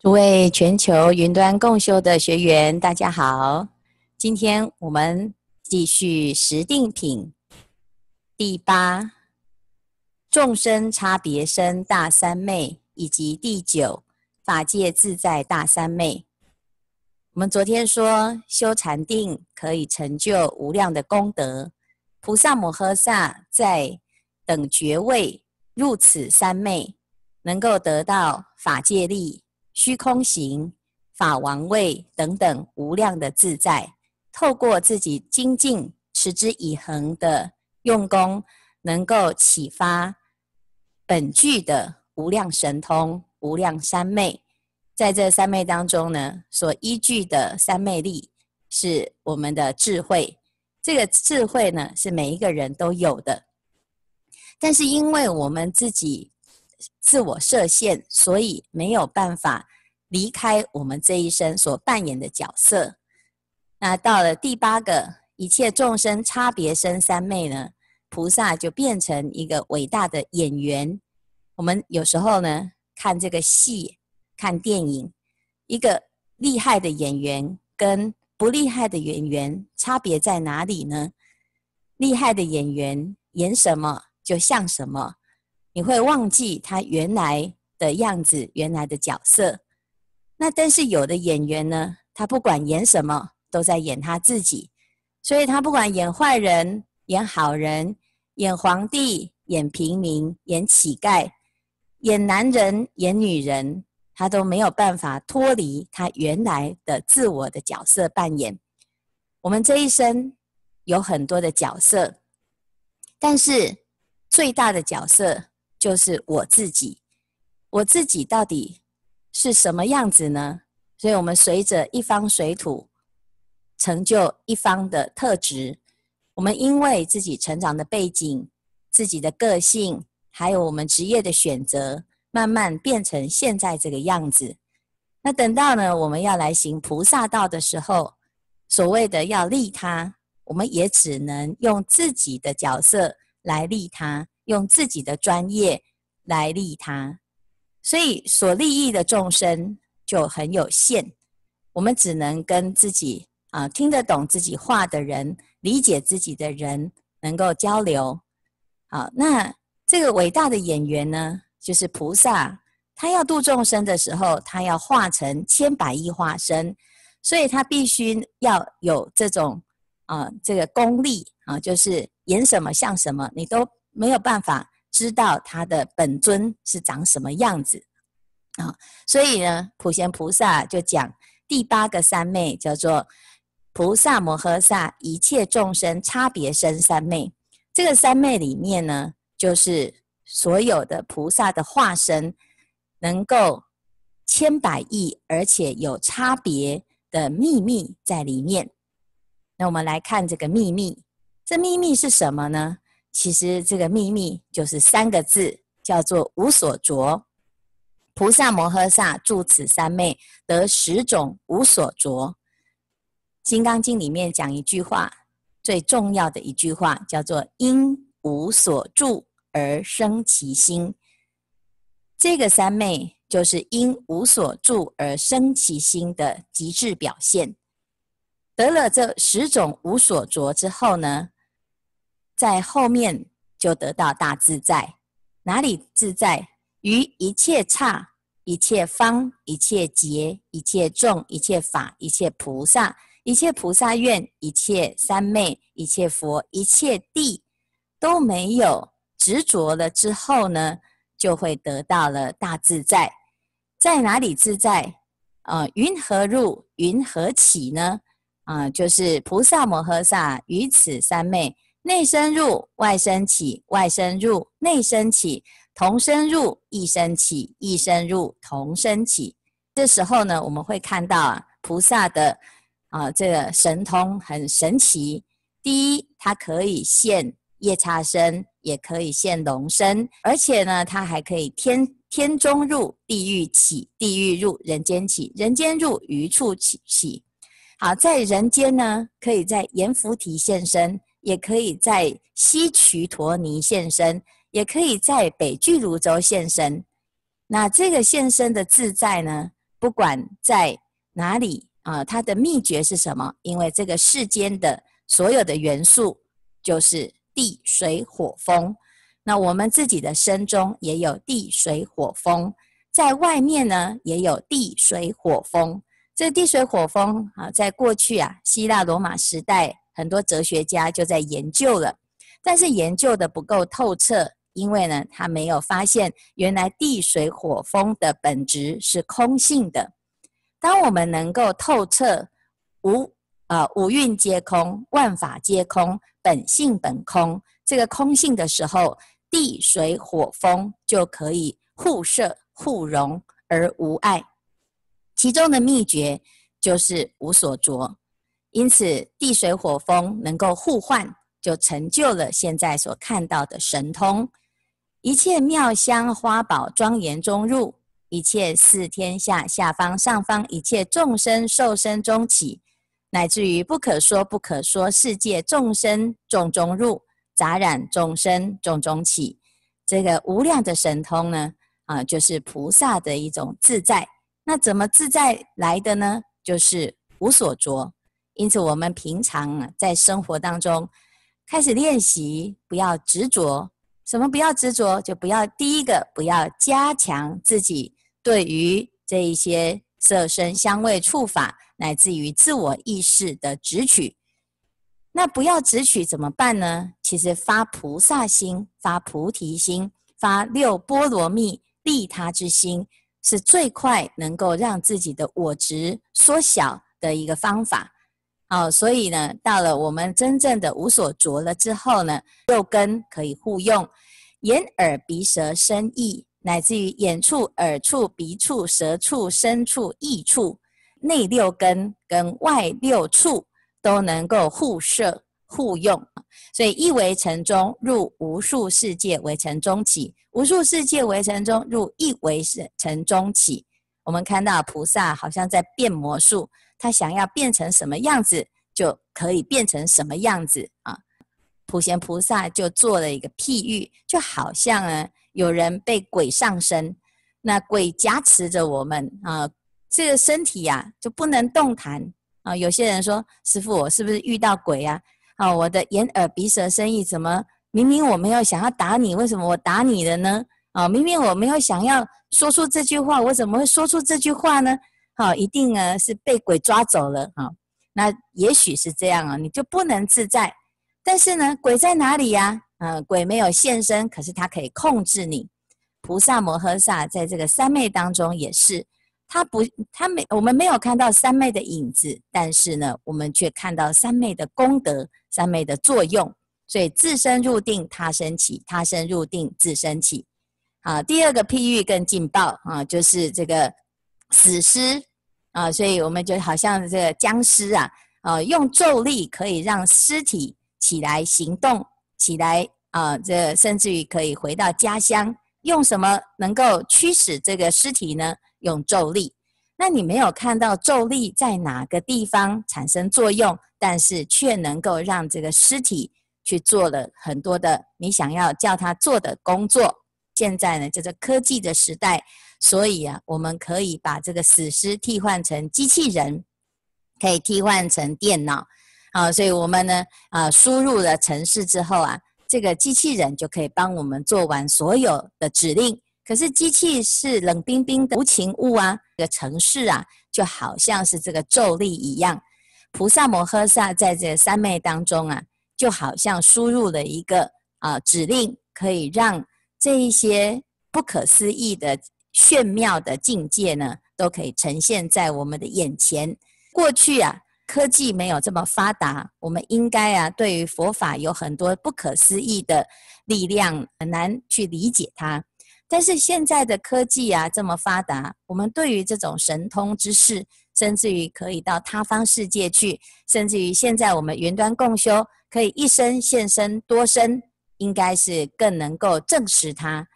諸位全球雲端共修的學員，大家好！今天我們繼續十定品第八眾生差別身大三昧，以及第九法界自在大三昧。我們昨天說修禪定可以成就無量的功德，菩薩摩訶薩在等覺位入此三昧，能夠得到法界力。虛空行、法王位等等無量的自在，透過自己精進、持之以恆的用功，能夠啟發本具的無量神通、無量三昧。在這三昧當中呢，所依據的三昧力是我們的智慧。這個智慧呢，是每一個人都有的，但是因為我們自己自我設限，所以沒有辦法。離開我們這一生所扮演的角色，那到了第八個一切眾生差別身三昧呢？菩薩就變成一個偉大的演員。我們有時候呢，看這個戲、看電影，一個厲害的演員跟不厲害的演員差別在哪裡呢？厲害的演員演什麼就像什麼，你會忘記他原來的樣子、原來的角色。那但是有的演員呢，他不管演什麼都在演他自己。所以他不管演壞人、演好人、演皇帝、演平民、演乞丐、演男人、演女人，他都沒有辦法脫離他原來的自我的角色扮演。我們這一生有很多的角色，但是最大的角色就是我自己。我自己到底。是什麼樣子呢？所以，我們隨着一方水土成就一方的特質。我們因為自己成長的背景、自己的個性，還有我們職業的選擇，慢慢變成現在這個樣子。那等到呢，我們要來行菩薩道的時候，所謂的要利他，我們也只能用自己的角色來利他，用自己的專業來利他。所以所利益的眾生就很有限，我們只能跟自己啊聽得懂自己話的人、理解自己的人能夠交流。好，那這個偉大的演員呢，就是菩薩，他要度眾生的時候，他要化成千百億化身，所以他必須要有這種啊這個功力啊，就是演什麼像什麼，你都沒有辦法知道他的本尊是長什麼樣子啊、哦？所以呢，普賢菩薩就講第八個三昧叫做菩薩摩訶薩一切眾生差別身三昧。這個三昧裡面呢，就是所有的菩薩的化身，能夠千百億，而且有差別的秘密在裡面。那我們來看這個秘密，這秘密是什麼呢？其實這個秘密就是三個字，叫做“無所着”。菩薩摩訶薩住此三昧，得十種無所着。《金剛經》裡面講一句話，最重要的一句話，叫做“應無所住而生其心”。這個三昧就是應無所住而生其心的極致表現。得了這十種無所着之後呢？在後面就得到大自在，哪裡自在？於一切剎、一切方、一切劫、一切眾、一切法、一切菩薩、一切菩薩願、一切三昧、一切佛、一切地都沒有執着了之後呢，就會得到了大自在。在哪裡自在？啊，云何入？雲何起呢？啊，就是菩薩摩訶薩於此三昧。內身入，外身起；外身入，內身起；同身入，異身起；異身入，同身起。這時候呢，我們會看到啊，菩薩的啊這個神通很神奇。第一，它可以現夜叉身，也可以現龍身，而且呢，它還可以天天中入地獄起，地獄入人間起，人間入餘處起起。好，在人間呢，可以在閻浮提現身。也可以在西瞿陀尼現身，也可以在北俱盧洲現身。那這個現身的自在呢？不管在哪裡啊，它、呃、的秘訣是什麼？因為這個世間的所有的元素就是地、水、火、風。那我們自己的身中也有地、水、火、風，在外面呢也有地、水、火、風。這地水、水、火、風啊，在過去啊，希臘羅馬時代。很多哲學家就在研究了，但是研究的不夠透徹，因為呢，他沒有發現原來地水火風的本質是空性的。當我們能夠透徹無啊呃，五蘊皆空，萬法皆空，本性本空這個空性的時候，地水火風就可以互攝互融，而無礙。其中的秘訣就是無所着。因此，地水火風能夠互換，就成就了現在所看到的神通。一切妙香花寶莊嚴中入，一切四天下下方上方一切眾生受生中起，乃至於不可說不可說世界眾生眾中入，雜染眾生眾中起。這個無量的神通呢，啊，就是菩薩的一種自在。那怎麼自在來的呢？就是無所着。因此，我們平常啊，在生活當中開始練習，不要執着。什麼？不要執着，就不要第一個，不要加強自己對於這一些色、聲、香、味、觸、法，乃至於自我意識的執取。那不要執取怎麼辦呢？其實發菩薩心、發菩提心、發六波羅蜜、利他之心，是最快能夠讓自己的我執縮小的一個方法。好、哦，所以呢，到了我們真正的無所着了之後呢，六根可以互用，眼、耳、鼻、舌、身、意，乃至於眼處、耳處、鼻處、舌處、身處、意處，內六根跟外六處都能夠互攝互用。所以一微塵中入無數世界，微塵中起；無數世界微塵中入，一微塵中起。我們看到菩薩好像在變魔術。他想要變成什麼樣子，就可以變成什麼樣子啊！普賢菩薩就做了一個譬喻，就好像啊，有人被鬼上身，那鬼挾持着我們啊，這個身體呀、啊、就不能動彈啊。有些人說：“師父，我是不是遇到鬼呀、啊？”啊，我的眼耳鼻舌身意怎麼明明我沒有想要打你，為什麼我打你了呢？啊，明明我沒有想要說出這句話，我怎麼會說出這句話呢？好，一定呢是被鬼抓走了哈。那也許是這樣啊，你就不能自在。但是呢，鬼在哪裡呀、啊？嗯、呃，鬼沒有現身，可是他可以控制你。菩薩摩訶薩在這個三昧當中也是，他不他沒我們沒有看到三昧的影子，但是呢，我們卻看到三昧的功德、三昧的作用。所以自身入定，他身起；他身入定，自身起。好，第二個譬喻更勁爆啊，就是這個死屍。啊、呃，所以我們就好像這個僵屍啊，呃，用咒力可以讓屍體起來行動起來啊、呃，這個、甚至於可以回到家鄉。用什麼能夠驅使這個屍體呢？用咒力。那你沒有看到咒力在哪個地方產生作用，但是卻能夠讓這個屍體去做了很多的你想要叫他做的工作。現在呢，叫做科技的時代，所以啊，我們可以把這個死屍替換成機器人，可以替換成電腦，好，啊，所以我們呢，啊，輸入了城市之後啊，這個機器人就可以幫我們做完所有的指令。可是機器是冷冰冰的無情物啊，這個城市啊，就好像是這個咒力一樣，菩薩摩訶薩在這三昧當中啊，就好像輸入了一個啊指令，可以讓這一些不可思議的炫妙的境界呢，都可以呈現在我們的眼前。過去啊，科技沒有這麼發達，我們應該啊，對於佛法有很多不可思議的力量，很難去理解它。但是現在的科技啊，這麼發達，我們對於這種神通之事，甚至於可以到他方世界去，甚至於現在我們雲端共修，可以一身現身多身。應該是更能夠證實它。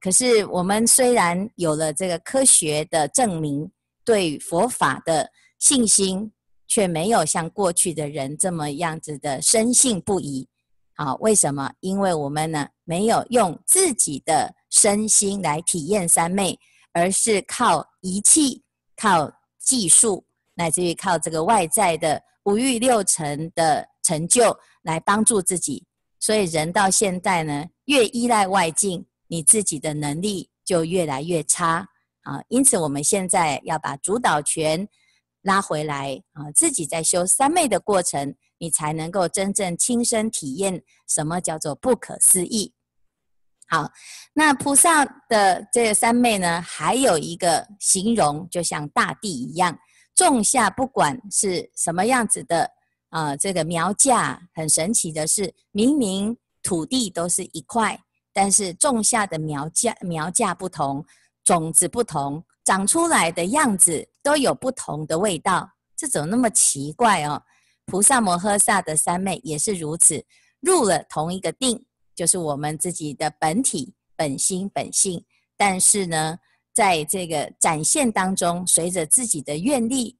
可是我們雖然有了這個科學的證明，對佛法的信心卻沒有像過去的人這麼樣子的深信不疑。啊，為什麼？因為我們呢，沒有用自己的身心來體驗三昧，而是靠儀器、靠技術，乃至於靠這個外在的五欲六塵的成就來幫助自己。所以人到現在呢，越依賴外境，你自己的能力就越來越差啊。因此，我們現在要把主導權拉回來啊，自己在修三昧的過程，你才能夠真正親身體驗什麼叫做不可思議。好，那菩薩的這個三昧呢，還有一個形容，就像大地一樣，種下不管是什麼樣子的。啊、呃，這個苗稼很神奇的是，明明土地都是一塊，但是種下的苗稼苗稼不同，種子不同，長出來的樣子都有不同的味道，這怎麼那麼奇怪哦？菩薩摩訶薩的三昧也是如此，入了同一個定，就是我們自己的本體、本心、本性，但是呢，在這個展現當中，隨着自己的願力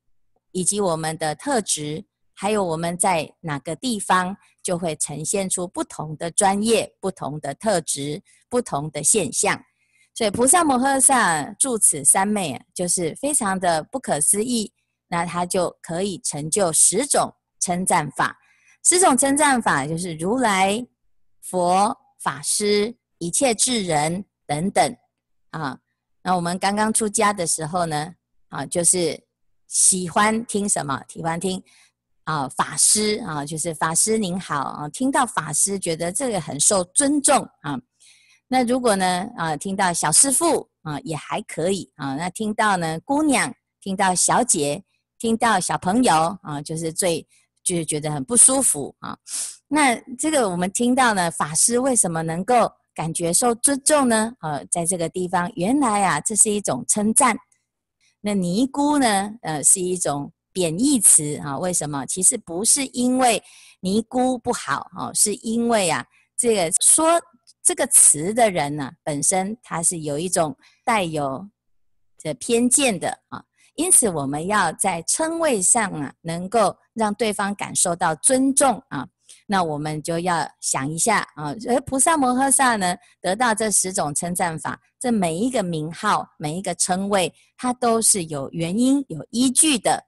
以及我們的特質。還有我們在哪個地方，就會呈現出不同的專業、不同的特質、不同的現象。所以菩薩摩訶薩住此三昧啊，就是非常的不可思議。那他就可以成就十種稱讚法。十種稱讚法就是如來、佛、法師、一切智人等等啊。那我們剛剛出家的時候呢，啊，就是喜歡聽什麼？喜歡聽。啊，法師啊，就是法師您好啊，聽到法師覺得這個很受尊重啊。那如果呢啊，聽到小師父啊，也還可以啊。那聽到呢姑娘，聽到小姐，聽到小朋友啊，就是最就是覺得很不舒服啊。那這個我們聽到呢，法師為什麼能夠感覺受尊重呢？啊，在這個地方，原來啊，這是一種稱讚。那尼姑呢，呃，是一種。貶義詞啊，為什麼？其實不是因為尼姑不好哦，啊，是因為啊，這個說這個詞的人呢，啊，本身他是有一種帶有這偏見的啊。因此，我們要在稱謂上啊，能夠讓對方感受到尊重啊。那我們就要想一下啊，而菩薩摩訶薩呢，得到這十種稱讚法，這每一個名號、每一個稱謂，它都是有原因、有依據的。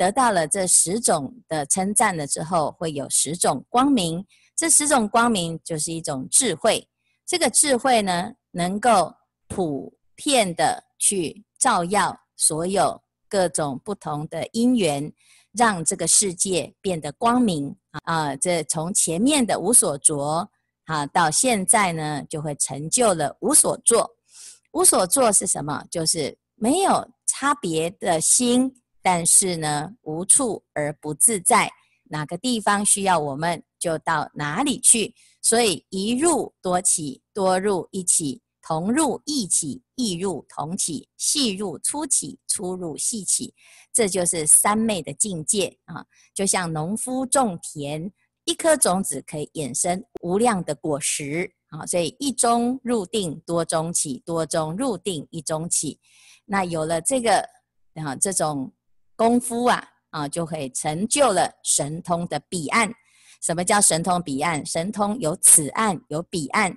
得到了這十種的稱讚了之後，會有十種光明。這十種光明就是一種智慧。這個智慧呢，能夠普遍的去照耀所有各種不同的因緣，讓這個世界變得光明啊！這從前面的無所着啊，到現在呢，就會成就了無所作。無所作是什麼？就是沒有差別的心。但是呢，無處而不自在，哪個地方需要我們就到哪裡去。所以一入多起，多入一起，同入一起，異入同起，細入粗起，粗入細起，這就是三昧的境界啊！就像農夫種田，一顆種子可以衍生無量的果實啊！所以一中入定，多中起，多中入定，一中起。那有了這個啊，這種。功夫啊啊，就會成就了神通的彼岸。什麼叫神通彼岸？神通有此岸有彼岸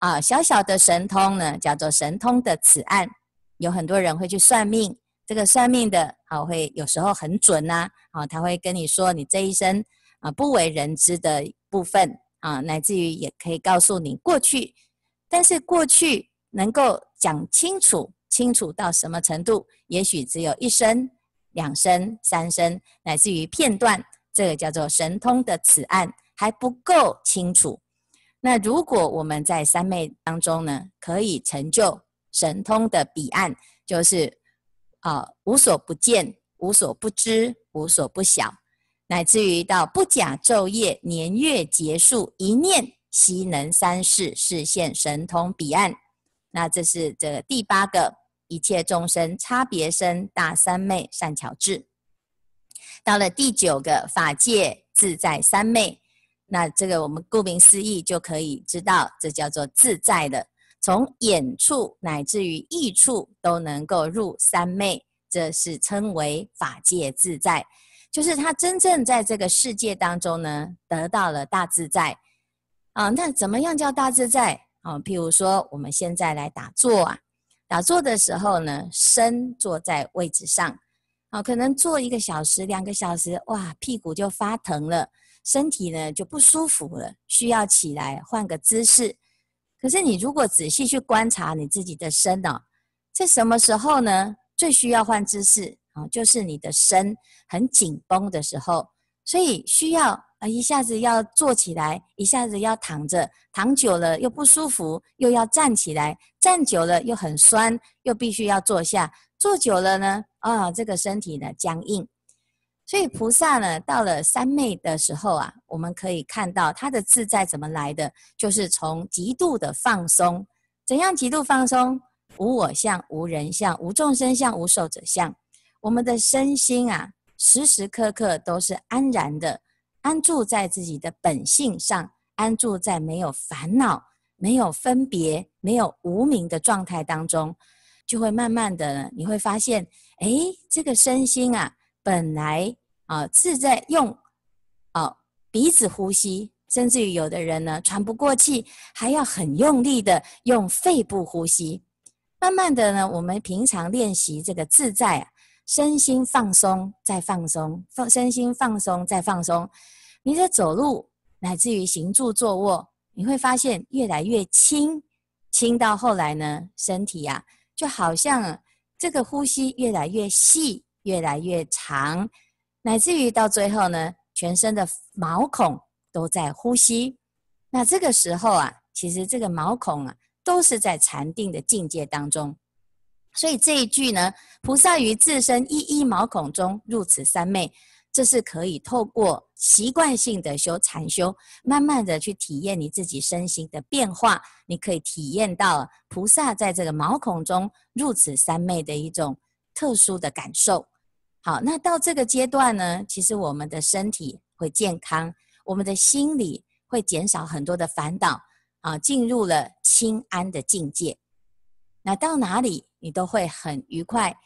啊。小小的神通呢，叫做神通的此岸。有很多人會去算命，這個算命的啊，會有時候很準吶。啊。啊，他會跟你說，你這一生啊，不為人知的部分啊，乃至於也可以告訴你過去，但是過去能夠講清楚，清楚到什麼程度？也許只有一生、兩身、三身，乃至於片段，這個叫做神通的此岸還不夠清楚。那如果我們在三昧當中呢，可以成就神通的彼岸，就是啊、呃、無所不見、無所不知、無所不曉，乃至於到不假晝夜年月結束，一念悉能三世示現神通彼岸。那這是這第八個。一切眾生差別生大三昧善巧智，到了第九個法界自在三昧，那這個我們顧名思義就可以知道，這叫做自在的，從眼處乃至於意處都能夠入三昧，這是稱為法界自在，就是他真正在這個世界當中呢，得到了大自在。啊，那怎麼樣叫大自在？啊，譬如說我們現在來打坐啊。打坐的時候呢，身坐在位置上，哦，可能坐一個小時、兩個小時，哇，屁股就發疼了，身體呢就不舒服了，需要起來換個姿勢。可是你如果仔細去觀察你自己的身哦，在什麼時候呢？最需要換姿勢啊，哦，就是你的身很緊繃的時候，所以需要。一下子要坐起來，一下子要躺着，躺久了又不舒服，又要站起來，站久了又很酸，又必須要坐下，坐久了呢，啊、哦，這個身體呢僵硬。所以菩薩呢，到了三昧的時候啊，我們可以看到他的自在怎麼來的，就是從極度的放鬆。怎樣極度放鬆？無我相，無人相，無眾生相，無壽者相。我們的身心啊，時時刻刻都是安然的。安住在自己的本性上，安住在沒有煩惱、沒有分別、沒有無明的狀態當中，就會慢慢的你會發現，哎，這個身心啊，本來啊、呃、自在用哦、呃、鼻子呼吸，甚至於有的人呢喘不過氣，還要很用力的用肺部呼吸。慢慢的呢，我們平常練習這個自在、啊。身心放鬆，再放鬆，放身心放鬆，再放鬆。你的走路，乃至於行、住、坐、臥，你會發現越來越輕，輕到後來呢，身體呀，啊，就好像這個呼吸越來越細，越來越長，乃至於到最後呢，全身的毛孔都在呼吸。那這個時候啊，其實這個毛孔啊，都是在禪定的境界當中。所以這一句呢，菩薩於自身一一毛孔中入此三昧，這是可以透過習慣性的修禪修，慢慢的去體驗你自己身心的變化，你可以體驗到菩薩在這個毛孔中入此三昧的一種特殊的感受。好，那到這個階段呢，其實我們的身體會健康，我們的心理會減少很多的煩惱啊，進入了輕安的境界。那到哪裡，你都會很愉快，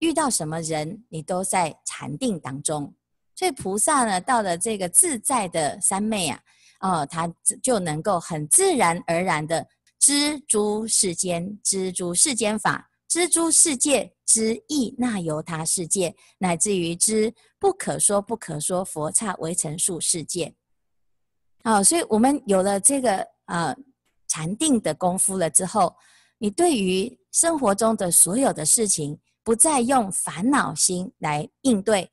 遇到什麼人，你都在禪定當中。所以菩薩呢，到了這個自在的三昧啊，哦，他就能夠很自然而然的知諸世間，知諸世間法，知諸世界之義，那由他世界，乃至於知不可說不可說佛剎微塵數世界。哦，所以我們有了這個啊、呃，禪定的功夫了之後。你對於生活中的所有的事情，不再用煩惱心來應對，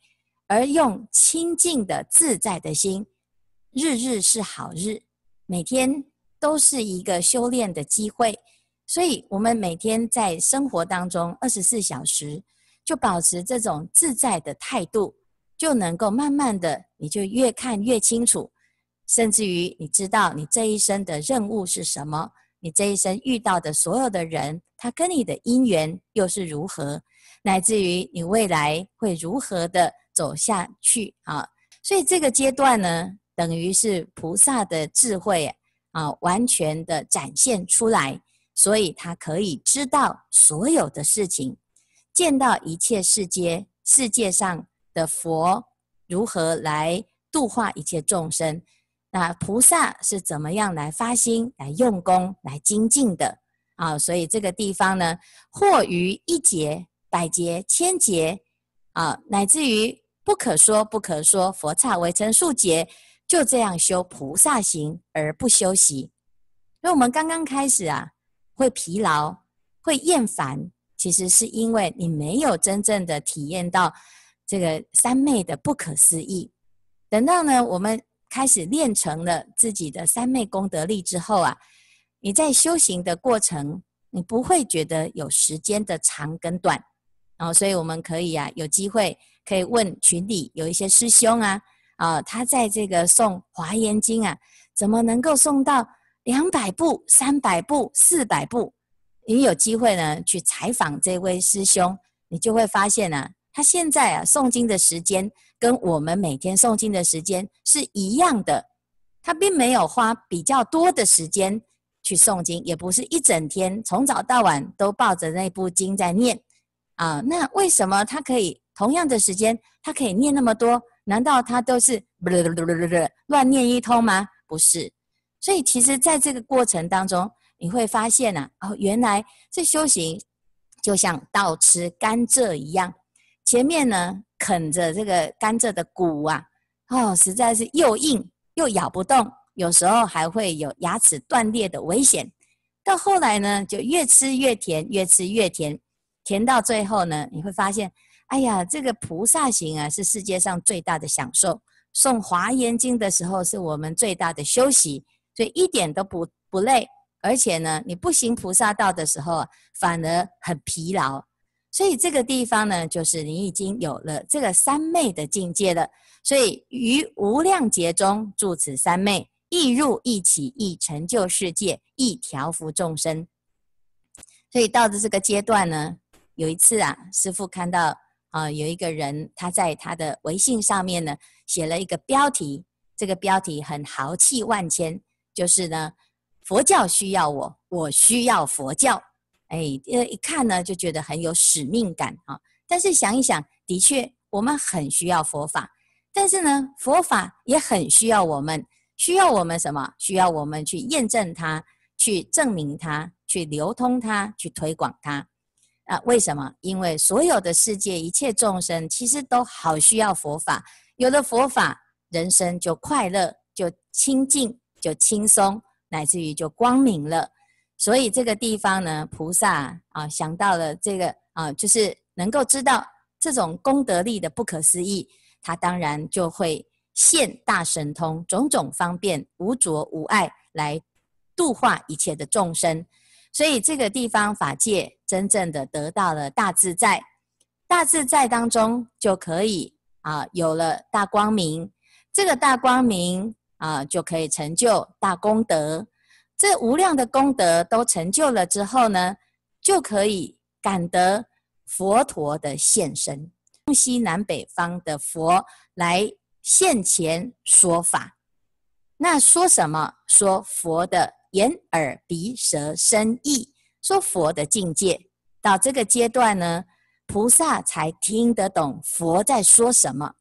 而用清淨的自在的心，日日是好日，每天都是一個修煉的機會。所以，我們每天在生活當中，二十四小時就保持這種自在的態度，就能夠慢慢的，你就越看越清楚，甚至於你知道你這一生的任務是什麼？你這一生遇到的所有的人，他跟你的因緣又是如何？乃至於你未來會如何的走下去啊？所以這個階段呢，等於是菩薩的智慧啊，完全的展現出來，所以他可以知道所有的事情，見到一切世界，世界上的佛如何來度化一切眾生。那、啊、菩薩是怎麼樣來發心、來用功、來精進的啊？所以這個地方呢，或於一劫、百劫、千劫啊，乃至於不可說不可說佛剎微塵數劫，就這樣修菩薩行而不休息，所以，我們剛剛開始啊，會疲勞、會厭煩，其實是因為你沒有真正的體驗到這個三昧的不可思議。等到呢，我們。開始練成了自己的三昧功德力之後啊，你在修行的過程，你不會覺得有時間的長跟短，哦，所以我們可以啊，有機會可以問群裡有一些師兄啊，啊、哦，他在這個誦華嚴經啊，怎麼能夠誦到兩百部、三百部、四百部？你有機會呢去採訪這位師兄，你就會發現呢、啊。他現在啊，誦經的時間跟我們每天誦經的時間是一樣的，他並沒有花比較多的時間去誦經，也不是一整天從早到晚都抱着那部經在念啊。那為什麼他可以同樣的時間，他可以念那麼多？難道他都是亂念一通嗎？不是。所以其實在這個過程當中，你會發現啊，哦，原來這修行就像倒吃甘蔗一樣。前面呢，啃着這個甘蔗的骨啊，哦，實在是又硬又咬不動，有時候還會有牙齒斷裂的危險。到後來呢，就越吃越甜，越吃越甜，甜到最後呢，你會發現，哎呀，這個菩薩行啊，是世界上最大的享受。誦華嚴經的時候，是我們最大的休息，所以一點都不不累。而且呢，你不行菩薩道的時候，反而很疲勞。所以這個地方呢，就是你已經有了這個三昧的境界了。所以於無量劫中住此三昧，亦入亦起，亦成就世界，亦調伏眾生。所以到了這個階段呢，有一次啊，師父看到啊、呃，有一個人他在他的微信上面呢寫了一個標題，這個標題很豪氣萬千，就是呢，佛教需要我，我需要佛教。哎，呃，一看呢，就覺得很有使命感啊。但是想一想，的確，我們很需要佛法，但是呢，佛法也很需要我們，需要我們什麼？需要我們去驗證它，去證明它，去流通它，去推廣它。啊，為什麼？因為所有的世界一切眾生，其實都好需要佛法。有了佛法，人生就快樂，就清淨，就輕鬆，乃至於就光明了。所以這個地方呢，菩薩啊，想到了這個啊，就是能夠知道這種功德力的不可思議，他當然就會現大神通，種種方便，無着無礙來度化一切的眾生。所以這個地方法界真正的得到了大自在，大自在當中就可以啊，有了大光明，這個大光明啊，就可以成就大功德。這無量的功德都成就了之後呢，就可以感得佛陀的現身，東西南北方的佛來現前說法。那說什麼？說佛的眼、耳、鼻、舌、身、意，說佛的境界。到這個階段呢，菩薩才聽得懂佛在說什麼。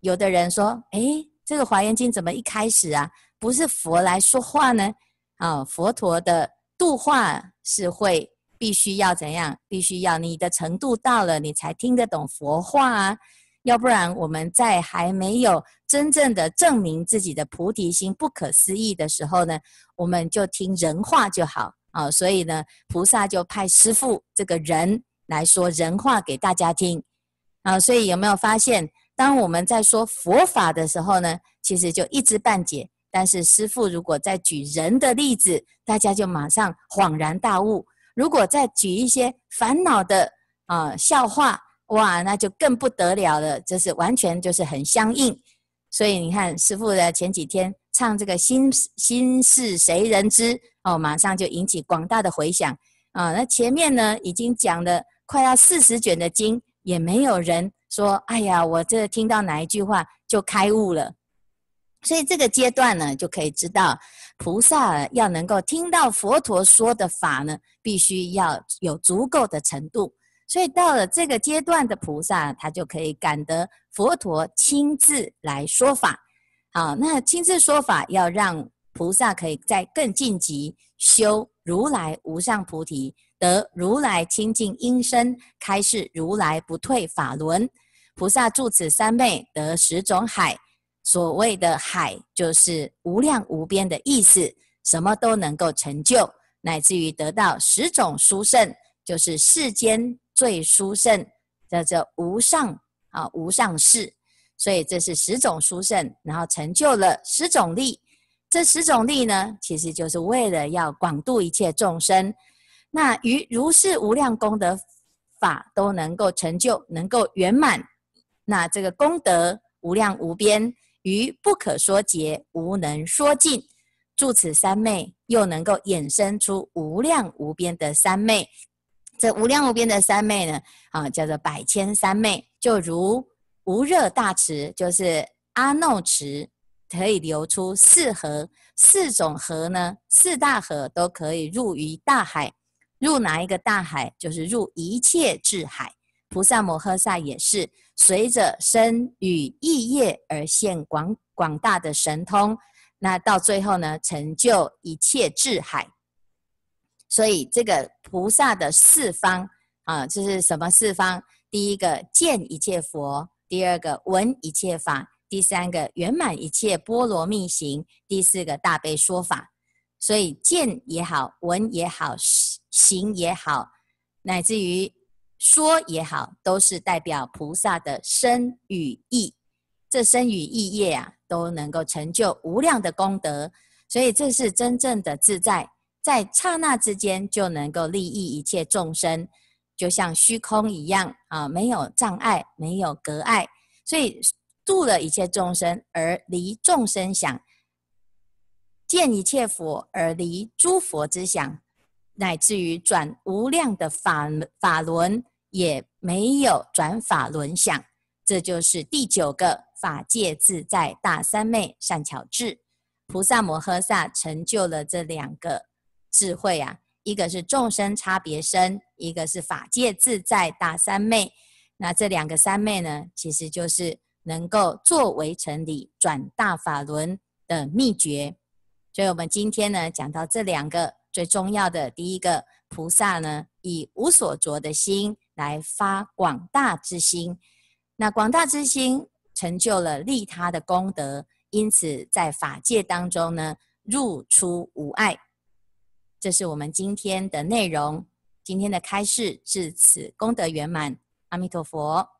有的人說：“哎，這個《華嚴經》怎麼一開始啊，不是佛來說話呢？”啊、哦，佛陀的度化是會必須要怎樣？必須要你的程度到了，你才聽得懂佛話啊。要不然，我們在還沒有真正的證明自己的菩提心不可思議的時候呢，我們就聽人話就好啊、哦。所以呢，菩薩就派師父這個人來說人話給大家聽啊、哦。所以有沒有發現，當我們在說佛法的時候呢，其實就一知半解。但是師父如果再舉人的例子，大家就馬上恍然大悟。如果再舉一些煩惱的啊、呃、笑話，哇，那就更不得了了，這是完全就是很相應。所以你看師父的前幾天唱這個心心事誰人知哦，馬上就引起廣大的回響啊、呃。那前面呢已經講了快要四十卷的經，也沒有人說，哎呀，我這聽到哪一句話就開悟了。所以這個階段呢，就可以知道菩薩要能夠聽到佛陀說的法呢，必須要有足夠的程度。所以到了這個階段的菩薩，他就可以感得佛陀親自來說法。好，那親自說法，要讓菩薩可以再更晉級，修如來無上菩提，得如來清淨音聲，開示如來不退法輪。菩薩住此三昧，得十種海。所謂的海，就是無量無邊的意思，什麼都能夠成就，乃至於得到十種殊勝，就是世間最殊勝，叫做無上啊，無上士。所以這是十種殊勝，然後成就了十種力。這十種力呢，其實就是為了要廣度一切眾生，那於如是無量功德法都能夠成就，能夠圓滿。那這個功德無量無邊。於不可說劫，無能說盡，住此三昧，又能夠衍生出無量無邊的三昧。這無量無邊的三昧呢，啊，叫做百千三昧。就如無熱大池，就是阿耨池，可以流出四河、四種河呢，四大河都可以入於大海。入哪一個大海？就是入一切智海。菩薩摩訶薩也是。隨着身語意業而現廣廣大的神通，那到最後呢，成就一切智海。所以這個菩薩的四方啊、呃，就是什麼四方？第一個見一切佛，第二個聞一切法，第三個圓滿一切波羅蜜行，第四個大悲說法。所以見也好，聞也好，行也好，乃至於。說也好，都是代表菩薩的身與意。這身與意業啊，都能夠成就無量的功德，所以這是真正的自在，在剎那之間就能夠利益一切眾生，就像虛空一樣啊，沒有障礙，沒有隔礙，所以度了一切眾生而離眾生想，見一切佛而離諸佛之想，乃至於轉無量的法法輪。也沒有轉法輪想，這就是第九個法界自在大三昧善巧智菩薩摩訶薩成就了這兩個智慧啊，一個是眾生差別身，一個是法界自在大三昧。那這兩個三昧呢，其實就是能夠作為成理轉大法輪的秘訣。所以，我們今天呢，講到這兩個最重要的第一個菩薩呢，以無所着的心。來發廣大之心，那廣大之心成就了利他的功德，因此在法界當中呢，入出無礙。這是我們今天的內容，今天的開示至此功德圓滿，阿彌陀佛。